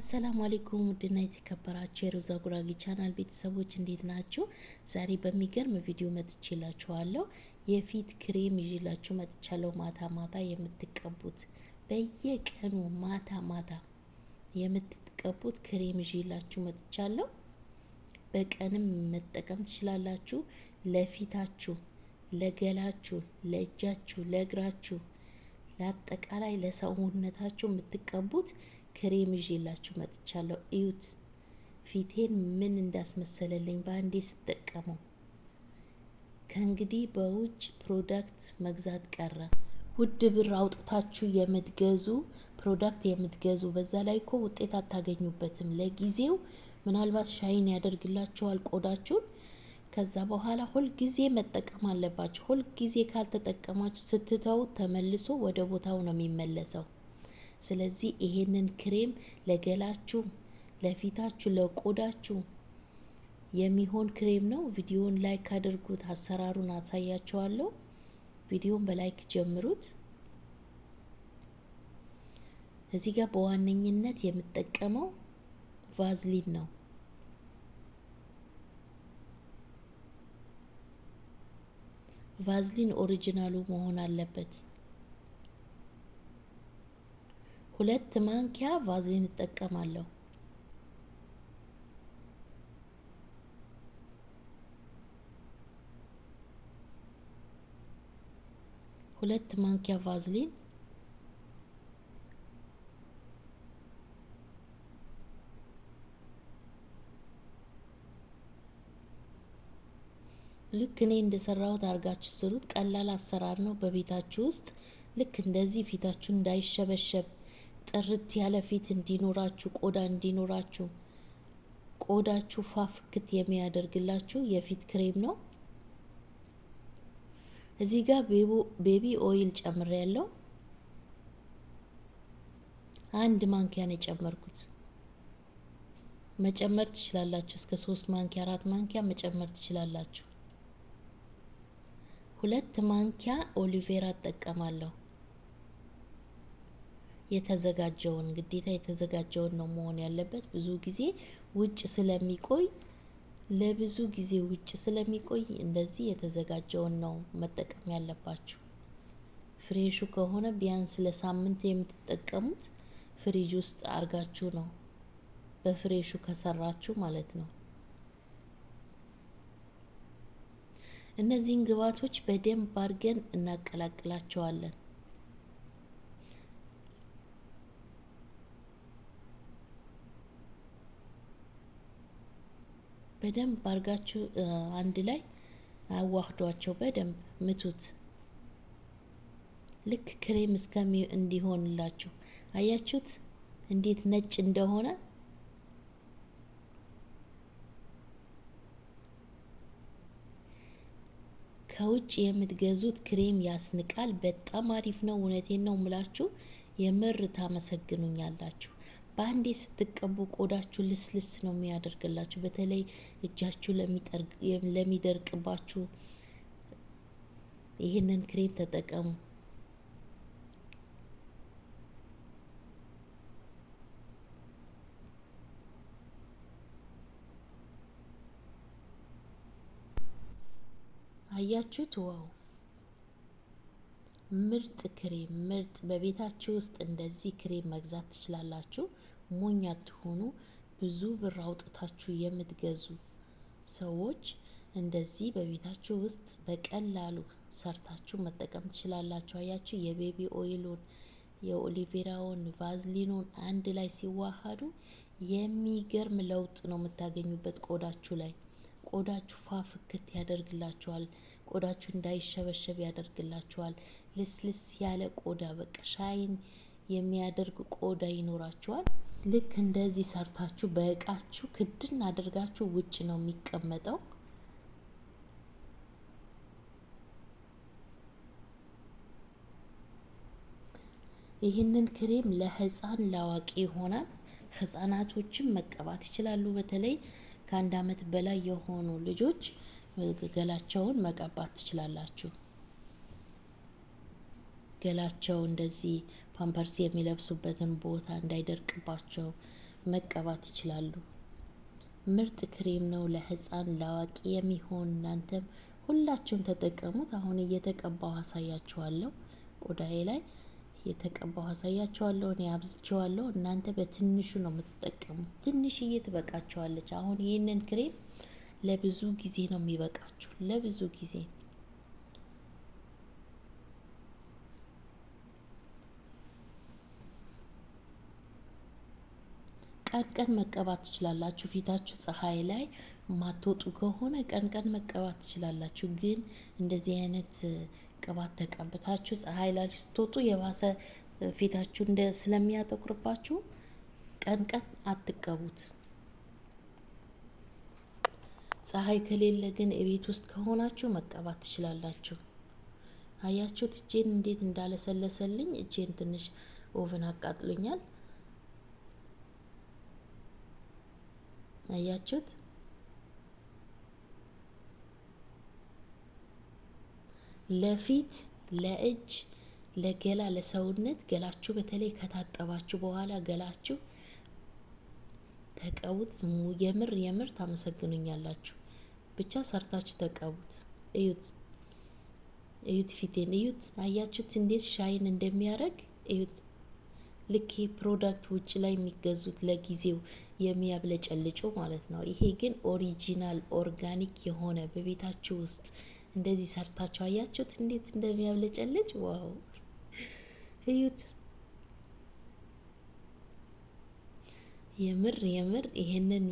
አሰላሙ አሌይኩም ውድና የተከበራችሁ የሮዛ ጉራጌ ቻናል ቤተሰቦች እንዴት ናችሁ? ዛሬ በሚገርም ቪዲዮ መጥቼላችኋለሁ። የፊት ክሬም ይዤላችሁ መጥቻለሁ። ማታ ማታ የምትቀቡት በየቀኑ ማታ ማታ የምትቀቡት ክሬም ይዤላችሁ መጥቻለሁ። በቀንም መጠቀም ትችላላችሁ። ለፊታችሁ፣ ለገላችሁ፣ ለእጃችሁ፣ ለእግራችሁ፣ ለአጠቃላይ ለሰውነታችሁ የምትቀቡት ክሬም ይዤላችሁ መጥቻለሁ። እዩት ፊቴን ምን እንዳስመሰለልኝ በአንዴ ስጠቀመው። ከእንግዲህ በውጭ ፕሮዳክት መግዛት ቀረ። ውድ ብር አውጥታችሁ የምትገዙ ፕሮዳክት የምትገዙ በዛ ላይ እኮ ውጤት አታገኙበትም። ለጊዜው ምናልባት ሻይን ያደርግላችኋል ቆዳችሁን። ከዛ በኋላ ሁልጊዜ መጠቀም አለባችሁ። ሁልጊዜ ካልተጠቀማችሁ ስትተው ተመልሶ ወደ ቦታው ነው የሚመለሰው። ስለዚህ ይሄንን ክሬም ለገላችሁ፣ ለፊታችሁ፣ ለቆዳችሁ የሚሆን ክሬም ነው። ቪዲዮን ላይክ አድርጉት። አሰራሩን አሳያችኋለሁ። ቪዲዮን በላይክ ጀምሩት። እዚህ ጋር በዋነኝነት የምጠቀመው ቫዝሊን ነው። ቫዝሊን ኦሪጂናሉ መሆን አለበት። ሁለት ማንኪያ ቫዝሊን እጠቀማለሁ። ሁለት ማንኪያ ቫዝሊን ልክ እኔ እንደሰራሁት አድርጋችሁ ስሩት። ቀላል አሰራር ነው። በቤታችሁ ውስጥ ልክ እንደዚህ ፊታችሁ እንዳይሸበሸብ ጥርት ያለ ፊት እንዲኖራችሁ፣ ቆዳ እንዲኖራችሁ፣ ቆዳችሁ ፋፍክት የሚያደርግላችሁ የፊት ክሬም ነው። እዚህ ጋር ቤቢ ኦይል ጨምር ያለው አንድ ማንኪያ ነው የጨመርኩት። መጨመር ትችላላችሁ። እስከ ሶስት ማንኪያ አራት ማንኪያ መጨመር ትችላላችሁ። ሁለት ማንኪያ ኦሊቬራ እጠቀማለሁ። የተዘጋጀውን ግዴታ የተዘጋጀውን ነው መሆን ያለበት። ብዙ ጊዜ ውጭ ስለሚቆይ ለብዙ ጊዜ ውጭ ስለሚቆይ እንደዚህ የተዘጋጀውን ነው መጠቀም ያለባችሁ። ፍሬሹ ከሆነ ቢያንስ ለሳምንት የምትጠቀሙት ፍሪጅ ውስጥ አርጋችሁ ነው በፍሬሹ ከሰራችሁ ማለት ነው። እነዚህን ግብዓቶች በደንብ አድርገን እናቀላቅላቸዋለን። በደንብ አድርጋችሁ አንድ ላይ አዋህዷቸው። በደንብ ምቱት። ልክ ክሬም እስከሚ እንዲሆንላችሁ አያችሁት እንዴት ነጭ እንደሆነ። ከውጭ የምትገዙት ክሬም ያስንቃል። በጣም አሪፍ ነው። እውነቴን ነው ምላችሁ፣ የምር ታመሰግኑኛላችሁ። በአንዴ ስትቀቡ ቆዳችሁ ልስልስ ነው የሚያደርግላችሁ። በተለይ እጃችሁ ለሚደርቅባችሁ ይህንን ክሬም ተጠቀሙ። አያችሁት? ዋው! ምርጥ ክሬም ምርጥ። በቤታችሁ ውስጥ እንደዚህ ክሬም መግዛት ትችላላችሁ። ሞኝ አትሆኑ። ብዙ ብር አውጥታችሁ የምትገዙ ሰዎች እንደዚህ በቤታችሁ ውስጥ በቀላሉ ሰርታችሁ መጠቀም ትችላላችሁ። አያችሁ የቤቢ ኦይሉን የኦሊቬራውን ቫዝሊኑን አንድ ላይ ሲዋሃዱ የሚገርም ለውጥ ነው የምታገኙበት ቆዳችሁ ላይ። ቆዳችሁ ፋፍክት ያደርግላችኋል። ቆዳችሁ እንዳይሸበሸብ ያደርግላችኋል። ልስልስ ያለ ቆዳ በቃ ሻይን የሚያደርግ ቆዳ ይኖራችኋል። ልክ እንደዚህ ሰርታችሁ በእቃችሁ ክድን አድርጋችሁ ውጭ ነው የሚቀመጠው። ይህንን ክሬም ለህፃን ላዋቂ ይሆናል። ህፃናቶችም መቀባት ይችላሉ። በተለይ ከአንድ አመት በላይ የሆኑ ልጆች ገላቸውን መቀባት ትችላላችሁ። ገላቸው እንደዚህ ፓምፐርስ የሚለብሱበትን ቦታ እንዳይደርቅባቸው መቀባት ይችላሉ። ምርጥ ክሬም ነው ለህፃን ለአዋቂ የሚሆን እናንተም ሁላችሁም ተጠቀሙት። አሁን እየተቀባው አሳያችኋለሁ። ቆዳዬ ላይ የተቀባው አሳያችኋለሁ። እኔ አብዝቼዋለሁ። እናንተ በትንሹ ነው የምትጠቀሙት። ትንሽዬ ትበቃችኋለች። አሁን ይህንን ክሬም ለብዙ ጊዜ ነው የሚበቃችሁ፣ ለብዙ ጊዜ ቀን ቀን መቀባት ትችላላችሁ። ፊታችሁ ፀሐይ ላይ ማትወጡ ከሆነ ቀን ቀን መቀባት ትችላላችሁ። ግን እንደዚህ አይነት ቅባት ተቀብታችሁ ፀሐይ ላይ ስትወጡ የባሰ ፊታችሁ እንደ ስለሚያጠቁርባችሁ ቀን ቀን አትቀቡት። ፀሐይ ከሌለ ግን እቤት ውስጥ ከሆናችሁ መቀባት ትችላላችሁ። አያችሁት እጄን እንዴት እንዳለሰለሰልኝ። እጄን ትንሽ ኦቨን አቃጥሎኛል። አያችሁት? ለፊት ለእጅ ለገላ ለሰውነት ገላችሁ በተለይ ከታጠባችሁ በኋላ ገላችሁ ተቀቡት። የምር የምር ታመሰግኑኛላችሁ። ብቻ ሰርታችሁ ተቀቡት። እዩት እዩት፣ ፊቴን እዩት። አያችሁት እንዴት ሻይን እንደሚያደርግ እዩት። ልክ ፕሮዳክት ውጭ ላይ የሚገዙት ለጊዜው የሚያብለጨልጩ ማለት ነው። ይሄ ግን ኦሪጂናል ኦርጋኒክ የሆነ በቤታችሁ ውስጥ እንደዚህ ሰርታችሁ አያችሁት እንዴት እንደሚያብለጨልጭ ዋው! እዩት። የምር የምር ይሄንን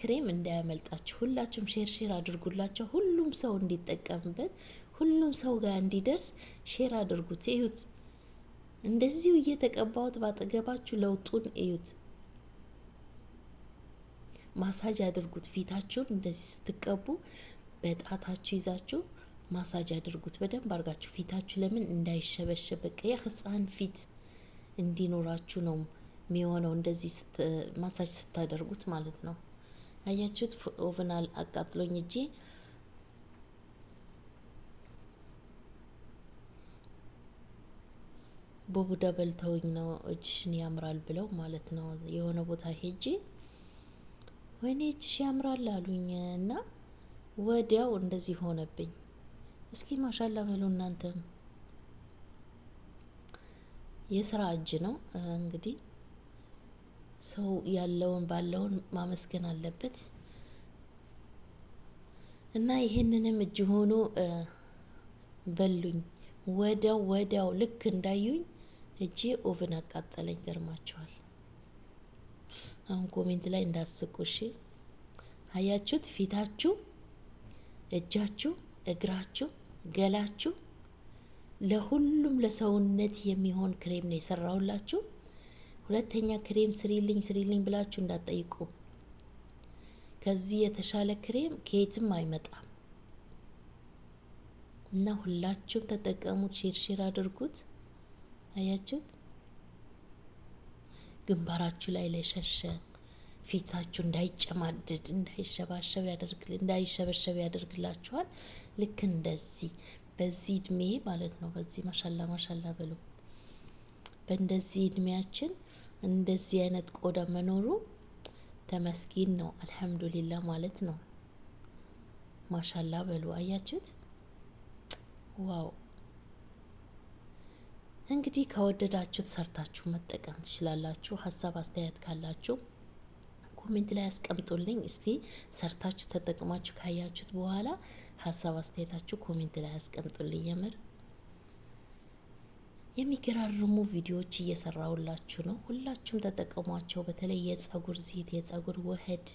ክሬም እንዳያመልጣችሁ። ሁላችሁም ሼር ሼር አድርጉላቸው፣ ሁሉም ሰው እንዲጠቀምበት፣ ሁሉም ሰው ጋር እንዲደርስ ሼር አድርጉት። እዩት። እንደዚሁ እየተቀባሁት ባጠገባችሁ ለውጡን እዩት። ማሳጅ አድርጉት። ፊታችሁን እንደዚህ ስትቀቡ በጣታችሁ ይዛችሁ ማሳጅ አድርጉት በደንብ አድርጋችሁ። ፊታችሁ ለምን እንዳይሸበሸበ የህፃን ፊት እንዲኖራችሁ ነው የሚሆነው። እንደዚህ ማሳጅ ስታደርጉት ማለት ነው። አያችሁት? ኦቨናል አቃጥሎኝ እጄ በቡዳ በልተውኝ ነው እጅሽን ያምራል ብለው ማለት ነው። የሆነ ቦታ ሄጂ ወይኔ እጅሽ ያምራል አሉኝ እና ወዲያው እንደዚህ ሆነብኝ። እስኪ ማሻላ በሉ እናንተም። የስራ እጅ ነው እንግዲህ ሰው ያለውን ባለውን ማመስገን አለበት እና ይህንንም እጅ ሆኖ በሉኝ። ወዲያው ወዲያው ልክ እንዳዩኝ እጄ ኦቨን አቃጠለኝ። ገርማቸዋል። አሁን ኮሜንት ላይ እንዳስቁ እሺ። አያችሁት? ፊታችሁ፣ እጃችሁ፣ እግራችሁ፣ ገላችሁ ለሁሉም ለሰውነት የሚሆን ክሬም ነው የሰራሁላችሁ። ሁለተኛ ክሬም ስሪልኝ ስሪልኝ ብላችሁ እንዳትጠይቁ። ከዚህ የተሻለ ክሬም ከየትም አይመጣም እና ሁላችሁም ተጠቀሙት፣ ሼር ሼር አድርጉት። አያችሁት? ግንባራችሁ ላይ ለሸሸ ፊታችሁ እንዳይጨማድድ እንዳይሸባሸብ ያደርግል እንዳይሸበሸብ ያደርግላችኋል። ልክ እንደዚህ በዚህ እድሜ ማለት ነው። በዚህ ማሻላ ማሻላ ብሎ በእንደዚህ እድሜያችን እንደዚህ አይነት ቆዳ መኖሩ ተመስጊን ነው። አልሐምዱሊላ ማለት ነው። ማሻላ በሉ አያችሁት? ዋው እንግዲህ ከወደዳችሁት ሰርታችሁ መጠቀም ትችላላችሁ። ሀሳብ አስተያየት ካላችሁ ኮሜንት ላይ አስቀምጡልኝ። እስቲ ሰርታችሁ ተጠቅማችሁ ካያችሁት በኋላ ሀሳብ አስተያየታችሁ ኮሜንት ላይ አስቀምጡልኝ። የምር የሚገራርሙ ቪዲዮዎች እየሰራውላችሁ ነው። ሁላችሁም ተጠቀሟቸው። በተለይ የጸጉር ዜት፣ የጸጉር ውህድ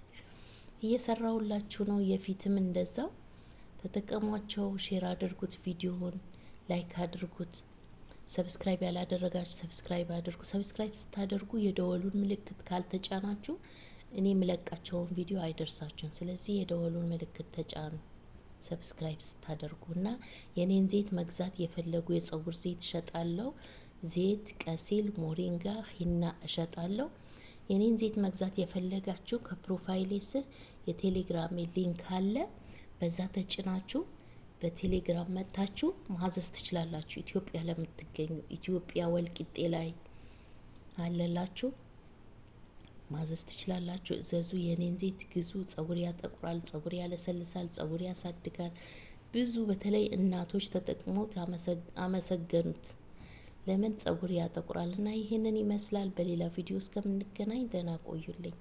እየሰራውላችሁ ነው። የፊትም እንደዛው ተጠቀሟቸው። ሼር አድርጉት፣ ቪዲዮውን ላይክ አድርጉት። ሰብስክራይብ ያላደረጋችሁ ሰብስክራይብ አድርጉ። ሰብስክራይብ ስታደርጉ የደወሉን ምልክት ካልተጫናችሁ እኔ የምለቃቸውን ቪዲዮ አይደርሳችሁም። ስለዚህ የደወሉን ምልክት ተጫኑ ሰብስክራይብ ስታደርጉ እና የኔን ዜት መግዛት የፈለጉ የጸጉር ዜት እሸጣለሁ። ዜት ቀሲል፣ ሞሪንጋ፣ ሂና እሸጣለሁ። የኔን ዜት መግዛት የፈለጋችሁ ከፕሮፋይሌ ስር የቴሌግራሜ ሊንክ አለ። በዛ ተጭናችሁ በቴሌግራም መጥታችሁ ማዘዝ ትችላላችሁ። ኢትዮጵያ ለምትገኙ ኢትዮጵያ ወልቂጤ ላይ አለላችሁ ማዘዝ ትችላላችሁ። እዘዙ። የኔን ዘይት ግዙ። ጸጉር ያጠቁራል፣ ጸጉር ያለሰልሳል፣ ጸጉር ያሳድጋል። ብዙ በተለይ እናቶች ተጠቅመው አመሰገኑት። ለምን ጸጉር ያጠቁራል እና ይህንን ይመስላል። በሌላ ቪዲዮ እስከምንገናኝ ደህና ቆዩልኝ።